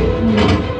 Música hum.